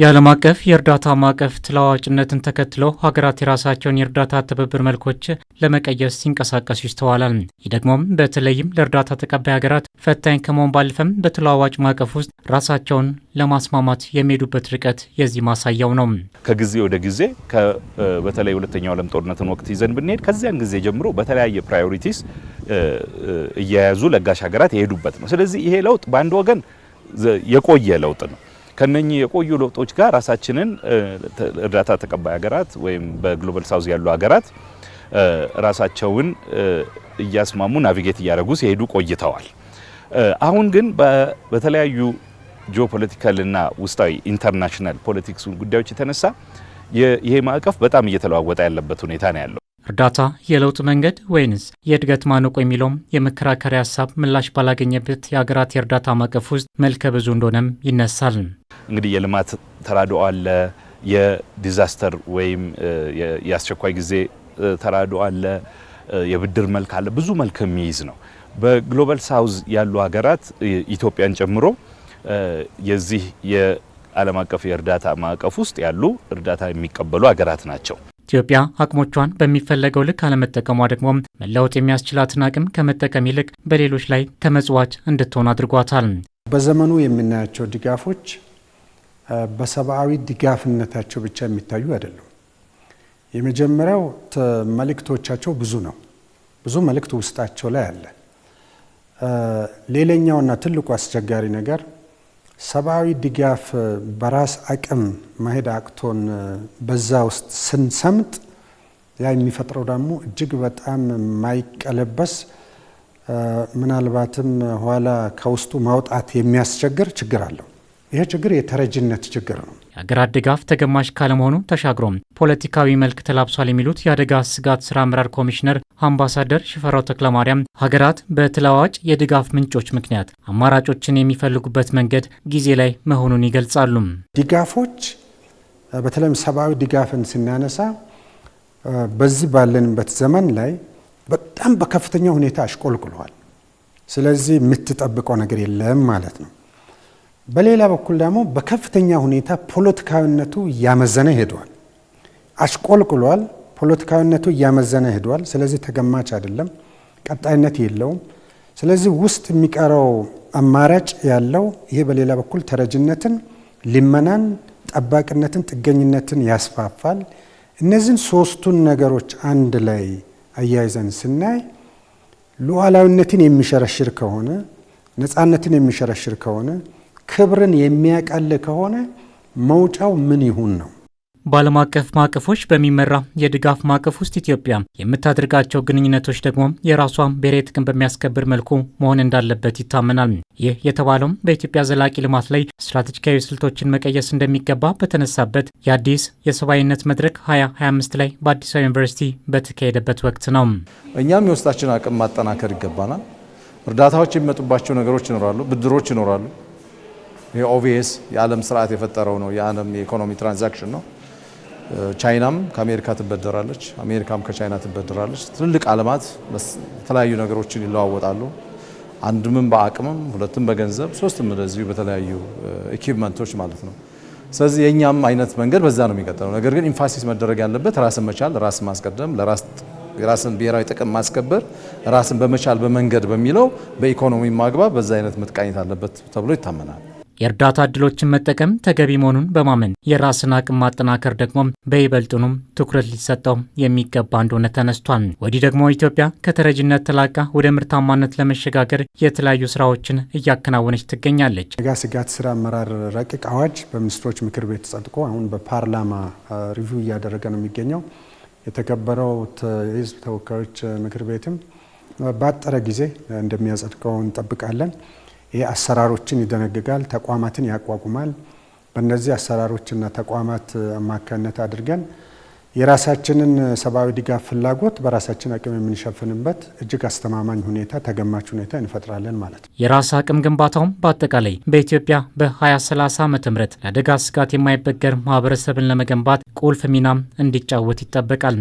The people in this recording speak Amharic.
የዓለም አቀፍ የእርዳታ ማዕቀፍ ተለዋዋጭነትን ተከትሎ ሀገራት የራሳቸውን የእርዳታ ትብብር መልኮች ለመቀየስ ሲንቀሳቀሱ ይስተዋላል። ይህ ደግሞም በተለይም ለእርዳታ ተቀባይ ሀገራት ፈታኝ ከመሆን ባለፈም በተለዋዋጭ ማዕቀፍ ውስጥ ራሳቸውን ለማስማማት የሚሄዱበት ርቀት የዚህ ማሳያው ነው። ከጊዜ ወደ ጊዜ በተለይ ሁለተኛው ዓለም ጦርነትን ወቅት ይዘን ብንሄድ ከዚያን ጊዜ ጀምሮ በተለያየ ፕራዮሪቲስ እየያዙ ለጋሽ ሀገራት የሄዱበት ነው። ስለዚህ ይሄ ለውጥ በአንድ ወገን የቆየ ለውጥ ነው። ከነኚህ የቆዩ ለውጦች ጋር ራሳችንን እርዳታ ተቀባይ ሀገራት ወይም በግሎባል ሳውዝ ያሉ ሀገራት ራሳቸውን እያስማሙ ናቪጌት እያደረጉ ሲሄዱ ቆይተዋል። አሁን ግን በተለያዩ ጂኦፖለቲካል ጂኦፖለቲካልና ውስጣዊ ኢንተርናሽናል ፖለቲክስ ጉዳዮች የተነሳ ይሄ ማዕቀፍ በጣም እየተለዋወጠ ያለበት ሁኔታ ነው ያለው። እርዳታ የለውጥ መንገድ ወይንስ የእድገት ማነቆ የሚለውም የመከራከሪያ ሀሳብ ምላሽ ባላገኘበት የሀገራት የእርዳታ ማዕቀፍ ውስጥ መልከ ብዙ እንደሆነም ይነሳል። እንግዲህ የልማት ተራድኦ አለ፣ የዲዛስተር ወይም የአስቸኳይ ጊዜ ተራድኦ አለ፣ የብድር መልክ አለ። ብዙ መልክ የሚይዝ ነው። በግሎባል ሳውዝ ያሉ ሀገራት ኢትዮጵያን ጨምሮ የዚህ የዓለም አቀፍ የእርዳታ ማዕቀፍ ውስጥ ያሉ እርዳታ የሚቀበሉ ሀገራት ናቸው። ኢትዮጵያ አቅሞቿን በሚፈለገው ልክ አለመጠቀሟ ደግሞ መለወጥ የሚያስችላትን አቅም ከመጠቀም ይልቅ በሌሎች ላይ ተመጽዋች እንድትሆን አድርጓታል። በዘመኑ የምናያቸው ድጋፎች በሰብአዊ ድጋፍነታቸው ብቻ የሚታዩ አይደለም። የመጀመሪያው መልእክቶቻቸው ብዙ ነው። ብዙ መልእክት ውስጣቸው ላይ አለ። ሌላኛውና ትልቁ አስቸጋሪ ነገር ሰብአዊ ድጋፍ በራስ አቅም መሄድ አቅቶን በዛ ውስጥ ስንሰምጥ ያ የሚፈጥረው ደግሞ እጅግ በጣም የማይቀለበስ ምናልባትም ኋላ ከውስጡ ማውጣት የሚያስቸግር ችግር አለው። ይህ ችግር የተረጅነት ችግር ነው። የሀገራት ድጋፍ ተገማሽ ካለመሆኑ ተሻግሮም ፖለቲካዊ መልክ ተላብሷል የሚሉት የአደጋ ስጋት ስራ አመራር ኮሚሽነር አምባሳደር ሽፈራው ተክለማርያም ሀገራት በተለዋዋጭ የድጋፍ ምንጮች ምክንያት አማራጮችን የሚፈልጉበት መንገድ ጊዜ ላይ መሆኑን ይገልጻሉ። ድጋፎች በተለይም ሰብአዊ ድጋፍን ስናነሳ በዚህ ባለንበት ዘመን ላይ በጣም በከፍተኛ ሁኔታ አሽቆልቁለዋል። ስለዚህ የምትጠብቀው ነገር የለም ማለት ነው። በሌላ በኩል ደግሞ በከፍተኛ ሁኔታ ፖለቲካዊነቱ እያመዘነ ሄዷል። አሽቆልቁሏል። ፖለቲካዊነቱ እያመዘነ ሄዷል። ስለዚህ ተገማች አይደለም፣ ቀጣይነት የለውም። ስለዚህ ውስጥ የሚቀረው አማራጭ ያለው ይሄ በሌላ በኩል ተረጅነትን፣ ልመናን፣ ጠባቂነትን፣ ጥገኝነትን ያስፋፋል። እነዚህን ሶስቱን ነገሮች አንድ ላይ አያይዘን ስናይ ሉዓላዊነትን የሚሸረሽር ከሆነ ነፃነትን የሚሸረሽር ከሆነ ክብርን የሚያቀል ከሆነ መውጫው ምን ይሁን ነው? በዓለም አቀፍ ማዕቀፎች በሚመራ የድጋፍ ማዕቀፍ ውስጥ ኢትዮጵያ የምታደርጋቸው ግንኙነቶች ደግሞ የራሷን ብሔራዊ ጥቅም በሚያስከብር መልኩ መሆን እንዳለበት ይታመናል። ይህ የተባለውም በኢትዮጵያ ዘላቂ ልማት ላይ ስትራቴጂካዊ ስልቶችን መቀየስ እንደሚገባ በተነሳበት የአዲስ የሰብአዊነት መድረክ 2025 ላይ በአዲስ አበባ ዩኒቨርሲቲ በተካሄደበት ወቅት ነው። እኛም የውስጣችን አቅም ማጠናከር ይገባናል። እርዳታዎች የሚመጡባቸው ነገሮች ይኖራሉ፣ ብድሮች ይኖራሉ ኦቪየስ የዓለም ስርዓት የፈጠረው ነው። የዓለም የኢኮኖሚ ትራንዛክሽን ነው። ቻይናም ከአሜሪካ ትበደራለች፣ አሜሪካም ከቻይና ትበደራለች። ትልልቅ ዓለማት የተለያዩ ነገሮችን ይለዋወጣሉ። አንድምም በአቅምም ሁለትም በገንዘብ ሶስትም እንደዚሁ በተለያዩ ኢኩፕመንቶች ማለት ነው። ስለዚህ የእኛም አይነት መንገድ በዛ ነው የሚቀጥለው። ነገር ግን ኢንፋሲስ መደረግ ያለበት ራስን መቻል፣ ራስን ማስቀደም፣ የራስን ብሔራዊ ጥቅም ማስከበር፣ ራስን በመቻል በመንገድ በሚለው በኢኮኖሚ ማግባብ በዛ አይነት መጥቃኘት አለበት ተብሎ ይታመናል። የእርዳታ እድሎችን መጠቀም ተገቢ መሆኑን በማመን የራስን አቅም ማጠናከር ደግሞ በይበልጡኑም ትኩረት ሊሰጠው የሚገባ እንደሆነ ተነስቷል። ወዲህ ደግሞ ኢትዮጵያ ከተረጅነት ተላቃ ወደ ምርታማነት ለመሸጋገር የተለያዩ ስራዎችን እያከናወነች ትገኛለች። ጋ ስጋት ስራ አመራር ረቂቅ አዋጅ በሚኒስትሮች ምክር ቤት ጸድቆ አሁን በፓርላማ ሪቪው እያደረገ ነው የሚገኘው። የተከበረው የህዝብ ተወካዮች ምክር ቤትም ባጠረ ጊዜ እንደሚያጸድቀው እንጠብቃለን። ይህ አሰራሮችን ይደነግጋል፣ ተቋማትን ያቋቁማል። በእነዚህ አሰራሮችና ተቋማት አማካኝነት አድርገን የራሳችንን ሰብአዊ ድጋፍ ፍላጎት በራሳችን አቅም የምንሸፍንበት እጅግ አስተማማኝ ሁኔታ ተገማች ሁኔታ እንፈጥራለን ማለት ነው። የራስ አቅም ግንባታውም በአጠቃላይ በኢትዮጵያ በ2030 ዓ.ም ለአደጋ ስጋት የማይበገር ማህበረሰብን ለመገንባት ቁልፍ ሚናም እንዲጫወት ይጠበቃል።